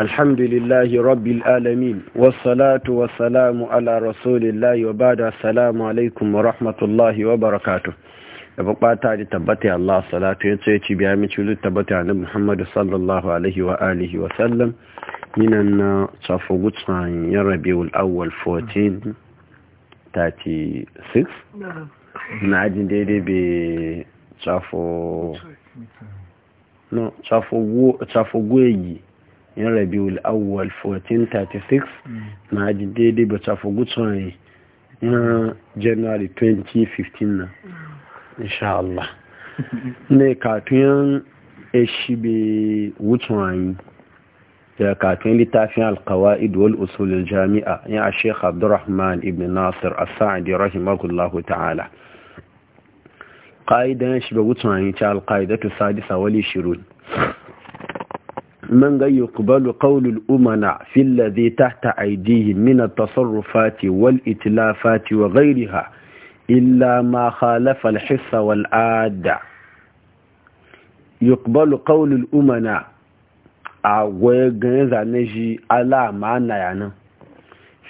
الحمد لله رب العالمين والصلاة والسلام على رسول الله وبعد السلام عليكم ورحمة الله وبركاته ya bukwa ta ji tabbata ya Allah salatu ya ce biya min ci wuzi tabbata Muhammadu sallallahu Alaihi na tsafi gutsa ya rabi wul awwal 1436 na ajin daidai bai tsafi gwayi yan rabiul awwal 1436 na ji daidai ba tafi gutsun ne yan january 2015 na insha Allah ne katuyan eshibe gutsun ayi da katuyan littafin alkawa'id wal usulul jami'a ya a sheikh abdurrahman ibn nasir as-sa'adi rahimahullahu ta'ala ƙa'idan shi ba gutsun ayi ta alƙa'idatu sadisa wali shirun من يقبل قول الأمنا في الذي تحت أيديهم من التصرفات والإتلافات وغيرها إلا ما خالف الحس والعادة يقبل قول الأمنا أوغن زانجي على ما يعني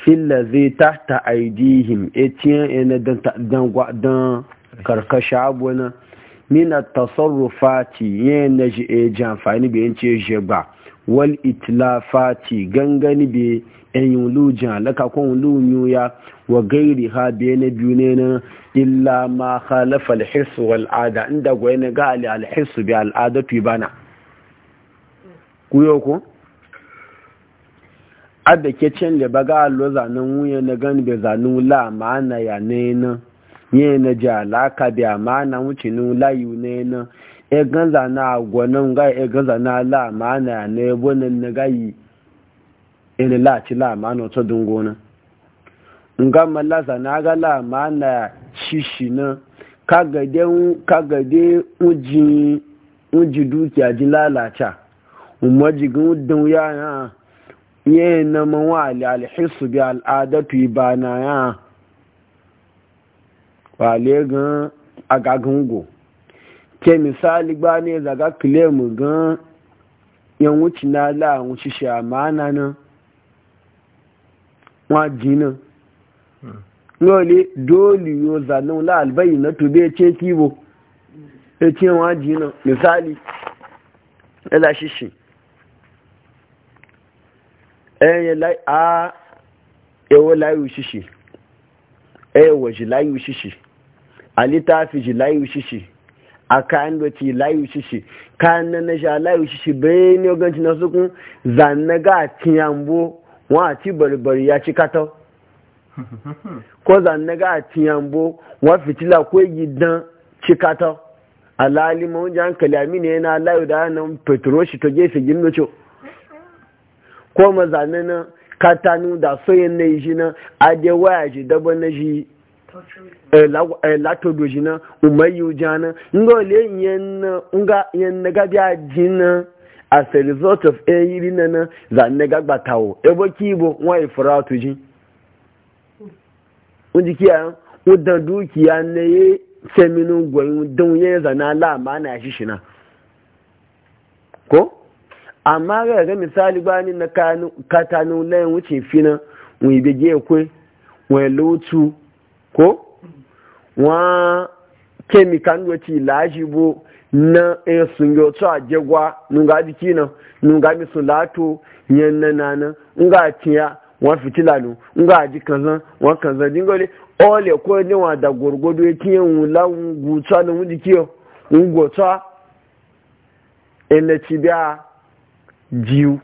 في الذي تحت أيديهم إتين إن دن, دن, دن كركش عبونا mina tasarrufati na ji e jamfani bi yance je ba wal itlafati gangani bi en yulu laka ko yulu nyuya wa gairi ha bi ne biyu ne na illa ma khalafa al hirs wal ada inda goye ne ga al hirs bi al ada tu bana kuyo ko adda ke cin da baga allo zanen wuya na gani be zanen la ma'ana ya ne na ye na ji alaka biya ma na wuce nun layu ne na e na agwonan na e ganza na la ma na na ebo na na yi ene la la ma na to dungo na nga malaza e e e na ga la ma na shishi na kagade kagade uji aji dukiya ji lalaca umajigin dan ya ya yana mawa alhisu bi al'adatu ibana ya wale gan agagun go ke misali gba ne zaga kilemu gan yan wuce na la wuce shi amana na wa jina lole hmm. dole yo zanen la albayi na tube ce kiwo, ya e ce wa jina misali ila e shishi ẹ̀yẹ e láì a ẹwọ láì òṣìṣì ẹ̀wọ̀jì láì òṣìṣì a littafi shi layu shishi a kayan da ce layu shishi kayan nan na sha layu shishi bai ne ganci na sukun zanna ga tiyambo wa ci barbari ya ci katau ko zanna ga tiyambo wa fitila ko gidan ci katau alali ma wajen hankali ne yana layu da nan petroshi to gefe gimnocho ko mazanin katanu da soyin na yi shi nan adewaya shi dabo na shi Eh, lato eh, doji umayu jana nga ole yan na gabi aji na as a result of eyiri na na za ne gagba tawo ebo kibo nwa ifura tuji wọ́n kí a wọ́n dàn dúkìá ní yé sẹ́mínú gbọ̀nyún dán yẹ́ zànà aláàmà náà ṣíṣì náà kó àmà rẹ̀ ga misali gbá ní na katanu lẹ́yìn wuce ti na wọ́n ìbẹ̀jẹ̀ ẹ̀kọ́ wọ́n ko wa kemikan wace lajibo na e sun yo tso ajegwa nunga jiki na nunga mi sulato yan nana na nga tiya wa fitila nu nga ji kanzan wa kanzan dingole ole ko ni wa da gorgodo yake yin lawun gutsa na wudi kiyo ngotsa ene tibia jiu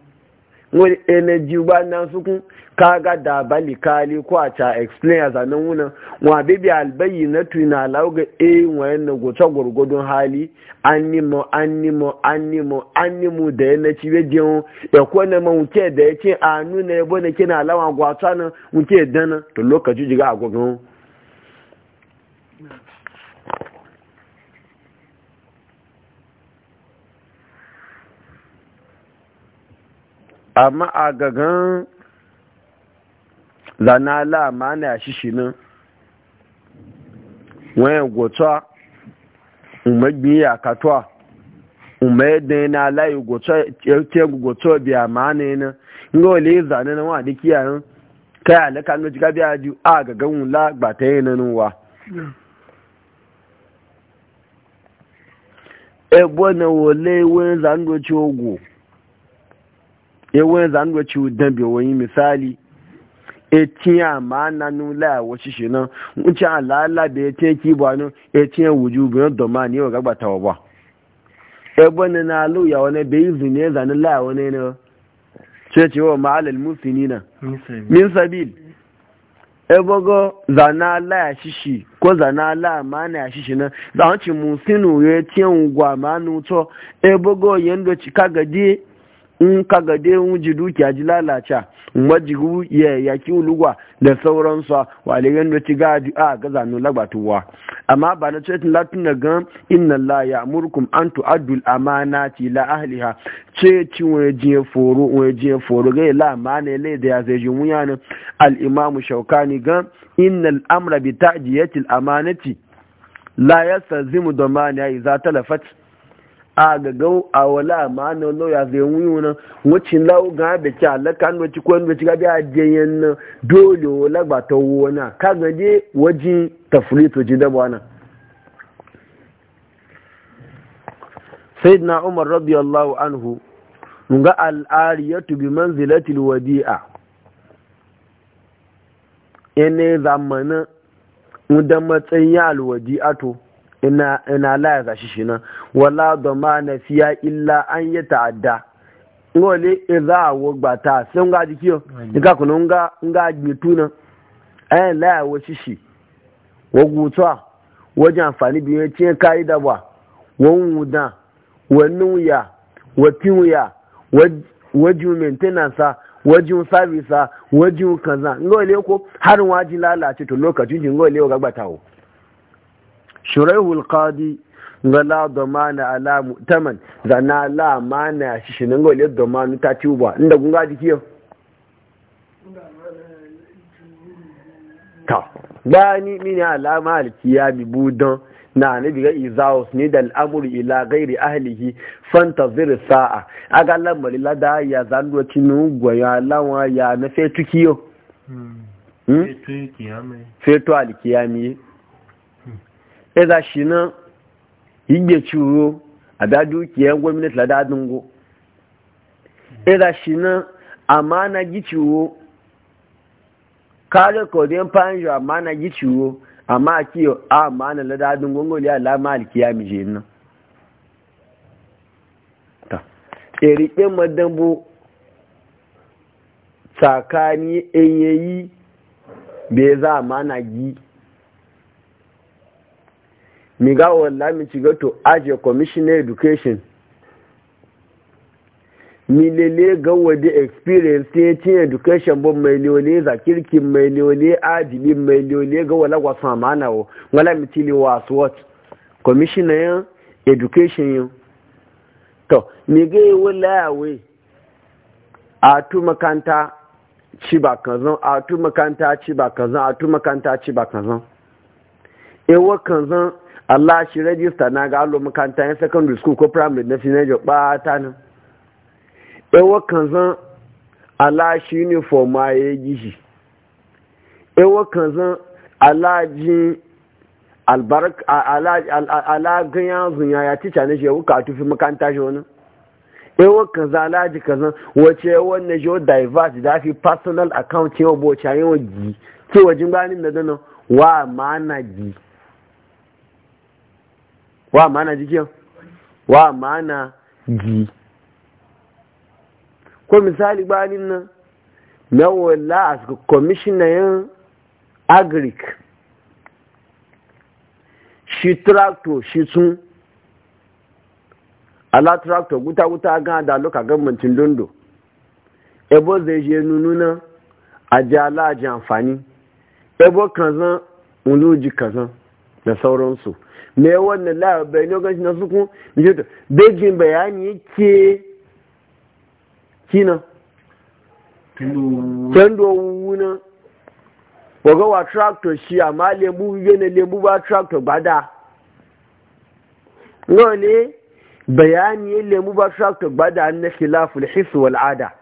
wani energy ba na sukun kaga da bali kali ko a ta explain a zanen wuna wa bibi albayi na tuna lauga e wayan na goce gurgudun hali animo animo animo animo da e ya na cibe jiyo ya kone ma wuce da ya ce a nuna ya bane kina lawa gwata na wuce dana to lokaci jiga a gwagwun amma a gagan zana lama na ya shishi nan wayan gotsa umagbi ya katwa umar da yana layi gotsa biya ma na yana inga wale zane na wani kiyayen kai alaka an gajiga biya ji a gagan wula ba ta yana nuwa ebe na wale wani zangoci ogun ewe zanuwa ci udan bi wani misali etiyan ma nanu laawo ṣiṣe náà na ṣe àlàálà bí etiyan kí ibò àánú etiyan wùjú ebe dọ̀mà ní ọ̀gá gbàtà ọ̀bà ẹgbọ́n nínú alóyàwó náà bẹ́ẹ̀ ìzù ní ẹ̀zánú ma nínú ṣẹ́ẹ̀ṣì wọ́n máa lè mú sí ala minsabil ẹgbọ́gọ́ zànà aláàṣìṣì kó zànà aláàmánà àṣìṣì náà zàwọn ti mú sínú rẹ̀ tí ń gbà mánú tọ́ chi ka ga di. in ka ga dai ji dukiya ji lalaca majigu ya yaki ulugwa da sauransu wa aligan da ci gadi a ga zanu lagbatuwa amma ba na ce tun latin da gan inna la ya murkum an tu'addu al-amanati la ahliha ce ci jiye foro jiye foro ga la amana le da ya zai ji mun yana al-imam shaukani gan innal amra bi ta'diyati al-amanati la yastazimu damani idza talafat a gaga a wala ma na lauya zai wuyu nan wacin lau ga da ke alaka no ci ko no ci ga biya jeyen na dole wala ba ta wona ka ga je waji to ji da na sayyidina umar radiyallahu anhu ga al'ariyatu bi manzilatil wadi'a ene zamana mudan matsayin ato. ina ina la ya gashi shi nan wala da ma na fiya illa an yi ta'adda ngole idza awo gbata sai nga ji kiyo mm. nga kuno nga nga ji tuna eh la ya wo shi shi wo gutwa wajen amfani biyu ce kai da ba won wuda wonu ya watin ya wajin maintenance wajin service wajin kaza ngole ko har waji lalace to lokacin ngole ga gbatawo shuraihul qadi ga la domana ala mutaman da na la mana shi shi nan gole domanu ta ci uba inda kun gaji kiyo ta bani mini alama alkiya bi budan na anabi ga izaus ni da al'amuru ila gairi ahlihi fantazir sa'a aga lamari lada ya zanduwa cinu gwaya lawa ya na fetu kiyo fetu alkiyami eza shi nan yigbe ciro a da dukiyar gwamnati da dadin go eza shi amana gi ciro kare kodin fanjo amana amma e tsakani enyeyi bai za amana gi mi ga walla mi ci to ajiye commissioner education mi lele ga wade experience ta ci education bon mai lele za kirkin mai lele adibin mai lele ga wala kwa sama na wo wala mi ci wa swat commissioner education yi to mi ga wala we a tu makanta ci ba kazan a tu makanta ci ba kanzan. a tu makanta ci ba kazan ewa kazan Allah shi rajista na ga alo makaranta yan secondary school ko primary na sinajo bata nan ewa kan zan Allah shi uniform ma ya yi shi ewa kan zan Allah ji albarka Allah ganyan zunya ya ci cane shi ya wuka tufi makaranta shi wani e ewa kan zan Allah ji kan zan wace wannan o diverse da fi personal account yau bo cayen wa gi ki wajen gbanin da dana wa ma na gi wa mana jikin wa mana ji ko misali gbanin nan na wala a suka kwamishinayen shi tractor shi sun ala tractor guta-guta gan da loka gambancin dondo ebo zai je nununa a ji ala amfani ebo kazan ji kazan da sauransu me wannan bai ne ganci na suku mijinta bejin bayani yake kina tendo wuna waga wa tractor shi amma lembu yana lembu ba tractor da. ne bayani lembu ba tractor da na khilaful hisu wal ada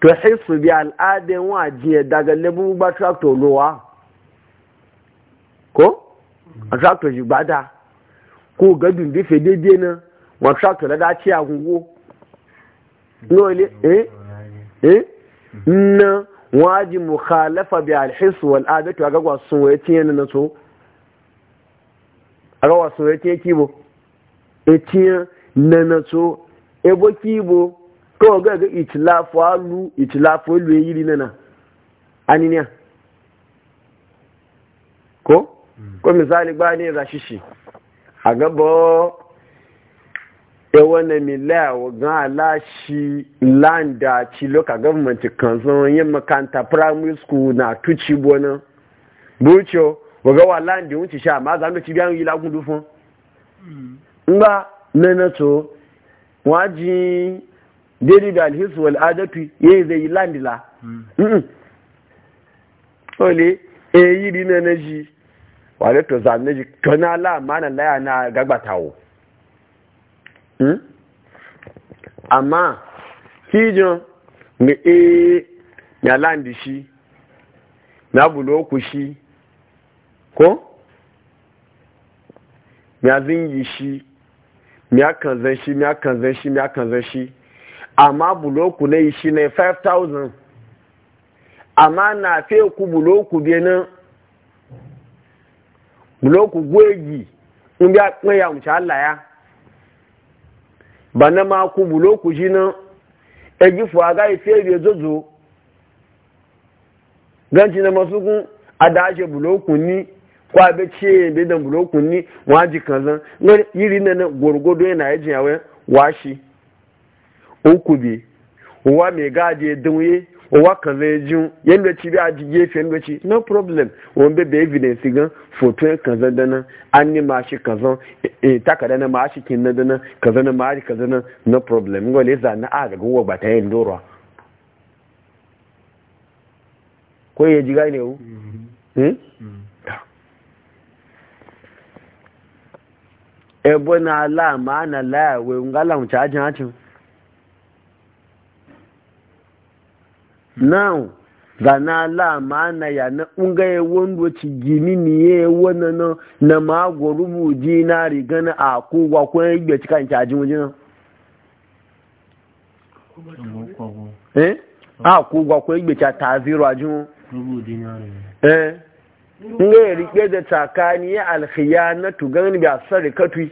to hisu bi al'adan wajiyar daga lembu ba tractor lowa ko tractor shi gbada ko gadun bife daidai na wa tractor na dace a gungo nole eh eh na waji mukhalafa bi alhisu wal adatu aga gwa sun waye tiye na so aga gwa sun waye tiye kibo e tiye na na so e bo kibo ko ga ga itlafu alu itlafu lu yiri nana aniniya ko ko misali ba ne za shi a gaba ya wani milayawa gan alashi loka kan zan yin makanta primary school na tuci bonan bucho wa landi wunci sha ma za mu yi lagun dufun ngba nana to waji deri da alhisu wal adafi ye zai yi landila hmm. wale to zane ji tona la mana laya na gagbatawo hmm? amma kijin ga e ya landi shi na buloku shi ko ya zingi shi ya kanzan shi ya kanzan shi ya kanzan shi amma buloku na yi shi ne 5000 amma na fe ku buloku benin loku gwegi in ya tsaya mu ci Allah ya bana ma ku mu loku ji na egi agaghị aga ife re zozo ganci na masu kun adaje buloku ni ko abe ce be da buloku ni waji kazan ngari yiri na na gorgodo yana yaji yawe washi uku ụwa wa me gaje dunye wa kaza ji yanda ci a ji gefe yanda ci no problem won be evidence gan foto kaza dana an ni ma shi kaza e, e takada na ma shi kin na dana kaza na ma shi kaza na no problem ngole za na a ga gowa ba ta yin dora ko ya ji gane wu mm-hmm. hmm? mm-hmm. ebo na ala ma na la wee ngala mu cha ajin now ga na lama ya na unga ya wando ci gini ni ya wana na na mago ji na riga na a wa ko ya gbe cikin cajin waje na eh, eh? a wa ko ya gbe ta ji na jin eh nga ya rike da tsakani ya alkhiyanatu gani bi katu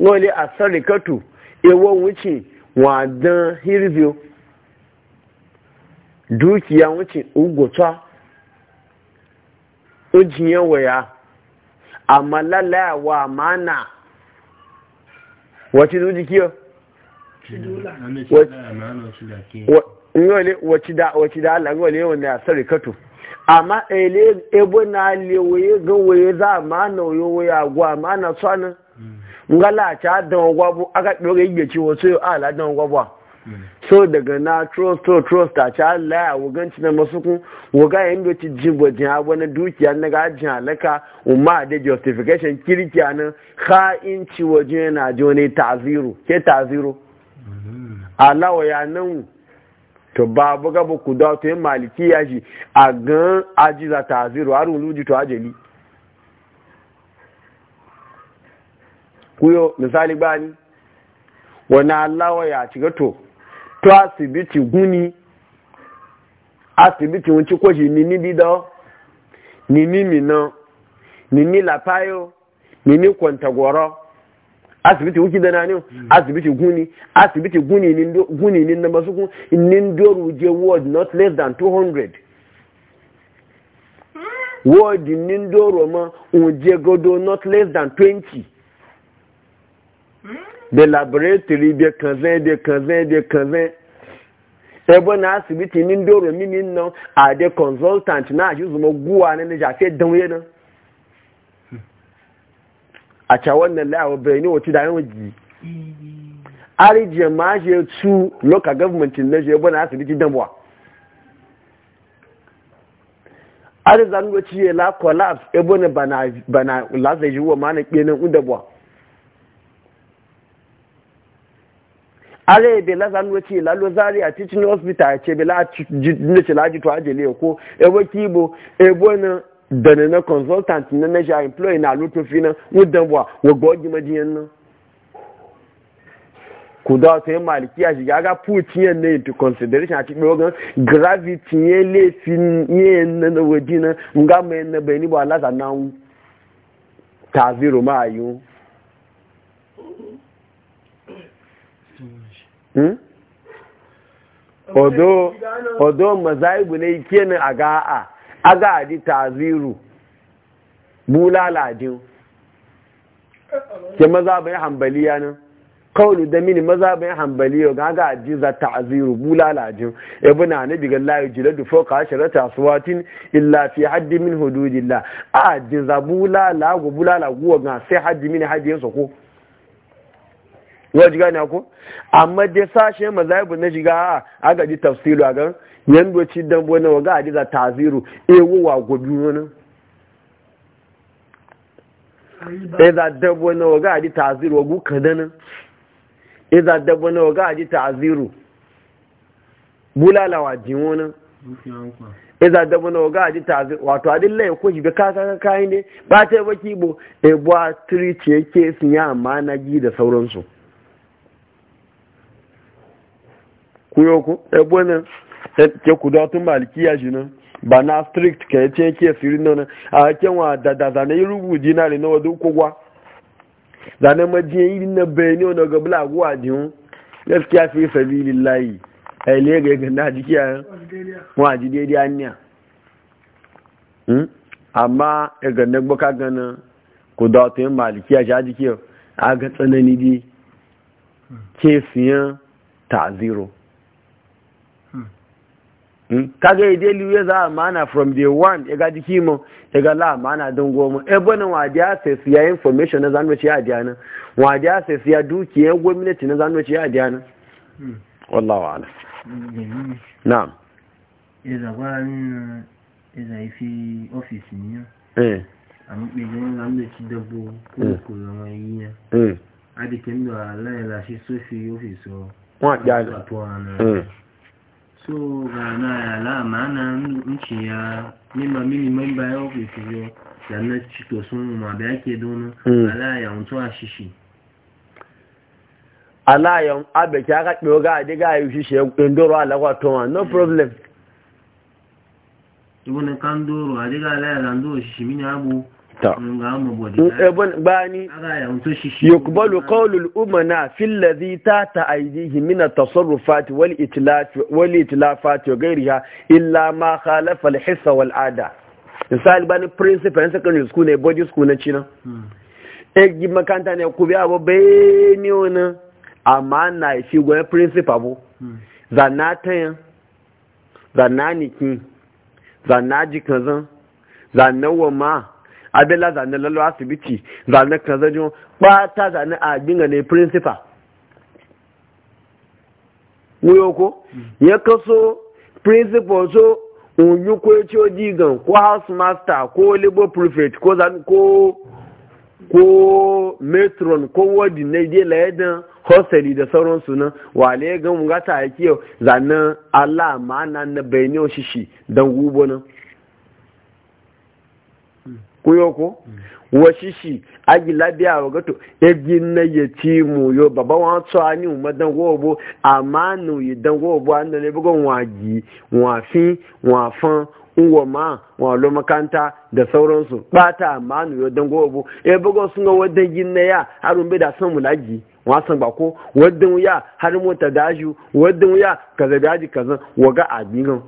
ngole asarikatu ewon wuce wadan hirvio dukiya wuce ugota ujiye waya amma lalawa mana wace zuji kiyo? wace da ala ngole wanda ya sari kato amma ebe na lewaye ga waye za a mana oyo waya gwa mana tsanin mm. ngala ta don gwabo aka ɗore igbe ciwo yau ala don gwabo so daga na trust to trust a ci Allah ya wuganci na kun wuga yin doci jimbo abu na dukiya na gajin halaka umma da justification kirkiya na ha'inci waje na ji wani taziru ke taziru mm-hmm. alawa ya nan to babu gaba ku da to yin maliki ya ji a gan ajiza taziru har luji to ajali kuyo misali bani wani alawa ya ci gato to asibiti guni asibiti wọn ti kọ́ṣe níní dídọ́ níní mìíràn níní làpáyò níní kọ̀ǹtàgọ̀rọ̀ asibiti wuki da nani hmm. asibiti guni asibiti guni ni guni ni na masu nin je ward not less than 200 hmm. ward nin doru ma un godo not less than 20 da laboratory da kaza da kaza da kaza ebe na asibiti ni ndoro mini nan a da consultant na a zuma guwa na na jafe na nan a ca wannan la'awar birni wacce da yawan ji arijiyar ma je su local government na je ebe na asibiti damuwa arizan wacce ya la collapse ebe na bana lazai jiwa ma na kenan udabuwa ala ebe la zanu ci la lo zari a hospital ce be la ne ce la ji to ajele ko e wo ki bo e bo na dana na consultant na na ja employee na lo to fina wo dan bo wo gbo ji madiyan na a shiga ga put yen into consideration ati cikin ogan gravity yen le nye yen na na wajina nga me na be ni bo ala zanu ta zero ma ayun odo odo mazaibu ne kenan aga a aga adi taziru bulala din ke maza bai hambaliya nan kawai da mini maza bai hambaliya ga aga adi za taziru bulala din ibn anabi ga la ka fawqa asharata aswatin illa fi haddi min hududillah a adi za bulala go bulala go ga sai haddi min haddi yansa ko waje gane ko amma dai sashe mazhabu na shiga a aga ji tafsiru a gan yando ci dan bona waga adiza taziru ewo wa gobi wona iza dan bona waga adi taziru wagu kadana iza dan bona waga adi taziru bulala wa jin wona iza da bana ga aji ta wato adin lai ko jibe ka ka kayan ne ba ta yi baki bo e a tiri ce ke sun yi amma na gi da sauransu kuyo ebo na e ke kudatun malikiya shi nan ba na strict ke ya e ke siri nan a ke wa da da zane yi rubu dinari na wadda uku gwa na majiyan yi na bayani wadda ga bula guwa jihun gaskiya fi sabi lillahi a ile ga yakan na jiki a wa ji daidai anya amma ya ganna gbaka gana kudatun malikiya shi a jiki a ga tsanani di hmm. ke siyan ta zero kaga ya daily za amana from day one ya gaji kimo ya ga la amana don goma ebonin wadiya sai su ya information na zanuwa ce ya adiya nan wadiya sai su ya dukiya gwamnati na zanuwa ce ya adiya nan hmm. wallawa ala na'am iza ba ni iza ifi office ni eh amu pe ni zanuwa ci dabo ko ko ma yi ne eh adi kendo ala la shi so fi office so wa ja to ana so ga la maana nchi ya mimba mimi memba yao vivyo yana chito sumu mabe yake dono ala ya mtoa shishi ala ya abe ki aka kpe oga ade ga yi shishi ndoro ala kwa to no hmm. problem ibone kandoro ade ga ala ya ndoro shishi mini abu bani yukbalu qawlul umana fil ladhi tata aydihi min at-tasarrufat wal itlaf wal itlafat wa ghayriha illa ma khalafa al-hissa ada misali bani principal secondary school ne body school na china e gi makanta ne ku biya babbe ni ona amma na shi go principal bo zanatan zanani kin zanaji kazan zanawa ma abela zane lalo asibiti zane kazajo ta zane a bingane ne principal wuyo ko mm. ya kaso principal so unyu ko yace digan ko house master ko labor prefect ko zan ko ko metron ko wadi na la layadan hostel da sauransu nan wale ga mun ga ta yake zanen Allah ma'ana na bayani shishi dan gubo nan kuyoko wasisi agi labiya gato ebi na ya ci mu yo baba wa tso ani mu madan gobo amanu yi dan gobo an wa ne bugon waji wafi wafan uwa ma wa lo makanta da sauransu bata amanu yo dan gobo e bugon sun ga wadan yin na ya harun bai da san mu laji wasan bako wadan ya har ta daju wadan ya kaza daji kaza waga abigan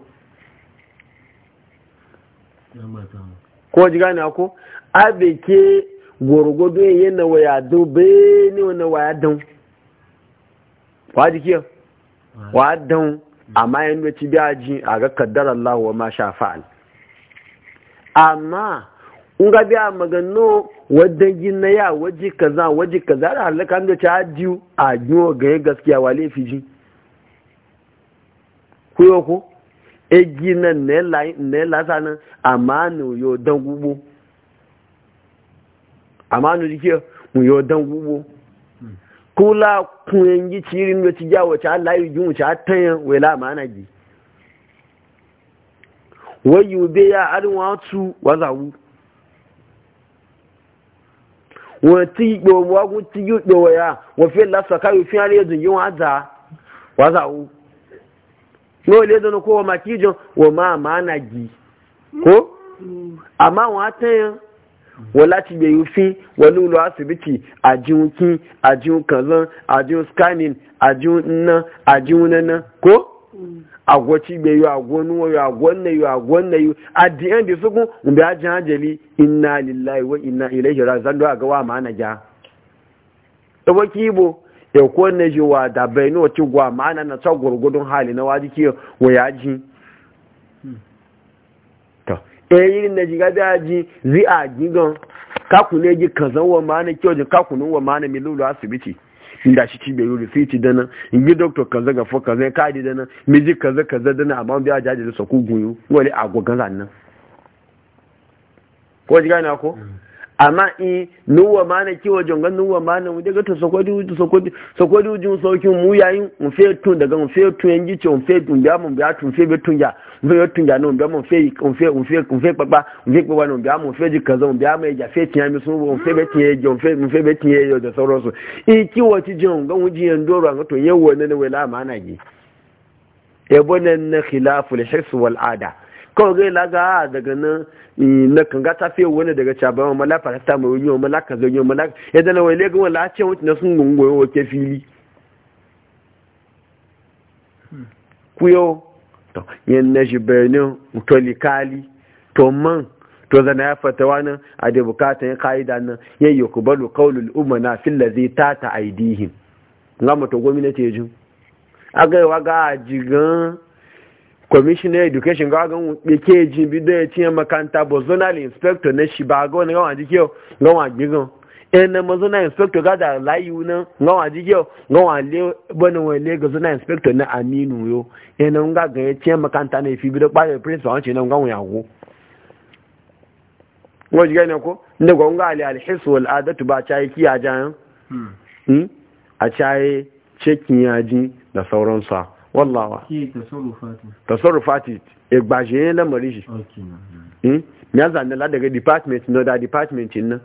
ko ji gane ko abe ke yen na waya be ni wona waya don wa ke? wa don amma yin da ci biaji ji a ga kaddar Allah wa ma sha fa'al amma in ga biya magano wadda gin na ya waje kaza waje kaza da halaka da ci ajiyu a ga gaskiya wa laifi ji ko egi na ne lasana amanu yo dan gugu amanu dike mu yo dan gugu kula kun yangi cirin da ti jawo ta Allah yi jun ta tanya wela amana gi wayu be ya arin tu wazawu wọ́n ti gbòmùwágún ti yóò gbòwò ya wọ́n fi lásọ̀ká yóò fi hàn lè dùn yóò wá dáa wá dáa wò. yóò lé dọ́nà kó wọ́n máa kíjọ wọ́n máa máa nà jì kó àmọ́ àwọn atẹ́yàn wọ́n láti wọ́n ní asibiti àjíhun kín àjíhun kànlán àjíhun scanning àjíhun nná àjíhun nánà kó àgọ́ tí gbèrú àgọ́ níwọ̀n yóò àgọ́ nà yóò àgọ́ nà yóò àdìyàn dì sókún ǹbẹ ajá àjẹlí iná lílá ìwé iná àgọ́wà máa nà já. kí ya kone ji wa da bai ni cigwa gwa ma'ana na ta gurgudun hali na waji ke wa yaji to e yi na ji gabi ji zi a gigan kakune ne ji kazan wa ma'ana kyau ji kakunan wa ma'ana lulu asibiti inda shi cibe yuri sai ci dana in yi doktor kaza ga fo kaza ka di dana mai ji kaza kaza dana amma biya jaji da saku guyu wani agogan nan ko ji gane ko mm. amma i nuwa mana kiwo jonga nuwa mana mu daga to sokodi uju sokodi sokodi uju soki mu yayi mu fe tun daga mu fe tun yangi ce mu fe tun biya mu biya tun fe be tun ya mu fe tun ya no biya mu fe mu fe mu fe mu fe papa mu fe papa no biya mu fe ji kaza mu biya mu ja fe tiya mi sun mu fe be tiya je mu fe mu fe be tiya yo da sauransu in kiwo ci jin ga mu ji yan doro an to yewo ne ne wala mana ji ebo nan na khilaful hirs wal ada kawai zai laga daga nan na kanga ga ta fiye wani daga caba ma mala farasta mai wani mala ka zanyi wa mala ya e zana wai legan wala ce na sun gungoyo wa fili kuyo to yan na shi bayani to likali to man to zana ya fata wani a da bukatan ya ka'ida nan ya yi kubalu kaulul umana fil lazi ta ta aidihim ngama to gwamnati ya jin aga yawa ga jigan commissioner education ga ga be ke ji bi ya ti makanta bo zonal inspector na shi ba ga wani ga wani ga wa gbe ene mo zonal inspector ga da layu na ga wa ke ga wa le bana wani le ga zonal inspector na aminu yo ene nga ga ti makanta na fi bi da pa principal ce na ga wani yawo wọ́n jí gẹ́nà kó nígbà ń gáàlì ba al'adatu ba cayi kíyà jayan hmm. hmm? a cayi cikin yaji da sauransa wallawa tasarufati igbaje yin lamari shi ya hmm? zane la daga department na da department nan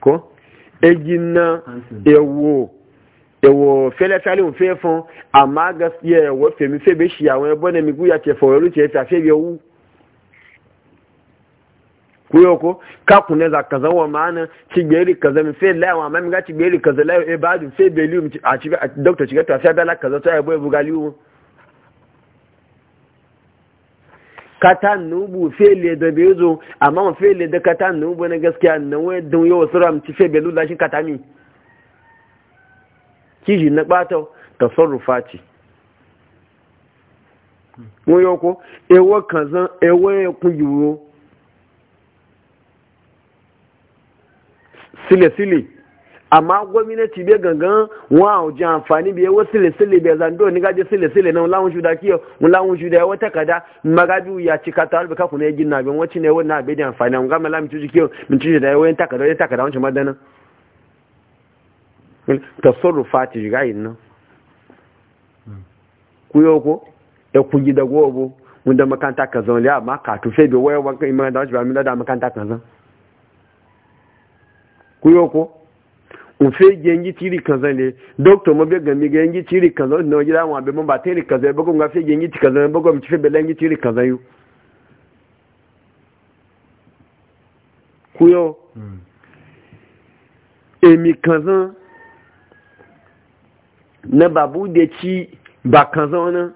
ko egin na ewo ewo fẹ́lẹ́fẹ́lẹ́ òun fẹ́ fún àmá gaskiya ẹ̀wọ́ fèmí fẹ́ ne ṣìyàwó ẹbọ́n ẹ̀mí gúyà tẹ̀fọ̀ ẹ̀rú tẹ̀fẹ́ fẹ́ bí ọwú kuyoko kaku ne za kaza wa mana cigberi kaza mi fe lawa ma mi ga cigberi kaza lawa e ba du fe beliu mi a ci doctor ci ga ta fe bala kaza to e bo e bu galiu kata nubu fe le da bezo amma mo fe le da kata nubu na gaskiya na we dun yo sura mi ci fe belu la shi kata mi kiji na bato tasarrufati kuyoko ewo kaza ewo kun yiwo sile-sile amma gwamnati bai gangan wa oji amfani bai wa sile-sile bai zando ni gaje sile-sile na mulawun shuda kiyo mulawun shuda yawa takada magaju ya cika ta albuka kuna ya gina bin wacce ne wannan abin da amfani an gama lamin cuci kiyo min cuci da yawayin takada ya takada wancan madana tasarrufa ta shiga yin nan ku yau ko ya ku gida gobo da makanta kazan ya ma ka tufe bai waya wankan imar da wacce ba min da makanta kazan kuyoko ufe gengi tiri kaza ne doktor mo be gami gengi tiri kaza no jira wa be mo ta tiri kaza be ko nga fe gengi tiri kaza e be ko mi fe belengi tiri kaza yu kuyo hmm. emi kaza na babu de ci ba kaza na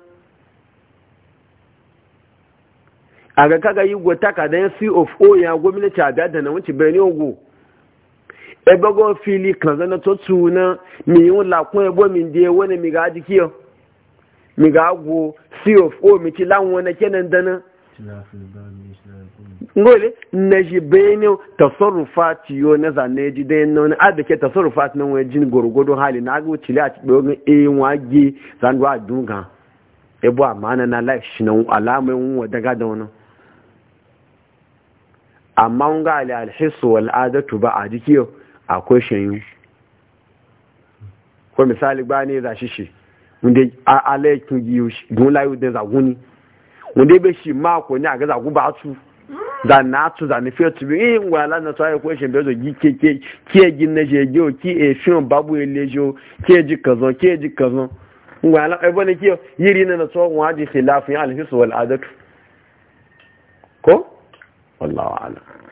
a ga kaga yi gwata ka of o ya gwamnati a da na wuce Benin Ogun ebe go fili kan zana to tuna mi yun la kun ebo mi die wona mi ga dikiyo mi ga go CFO mi ti lawon na kenan dana ngole na ji tasarrufat yo na ji dai na wani adake tasarrufat na wani jin gorogodo hali na e ga e a cikin wani e gi zan ruwa dunga ebo amana na life na daga da amma ga alhisu ba a kwashen ko misali ba ne za shi shi wanda alaikun giyu gun layu da zaguni wunde bai shi mako ne a ga zagu ba su da na tu da nufi tu bi in eh, wala na tsaye ko e shin bezo gi ke ke ke e gi na je gi ki e shin babu ele jo ke ji kazon ke ji kazon wala e bane ki yiri na na tsawo wa ji khilafin al hisu wal adatu ko wallahu a'lam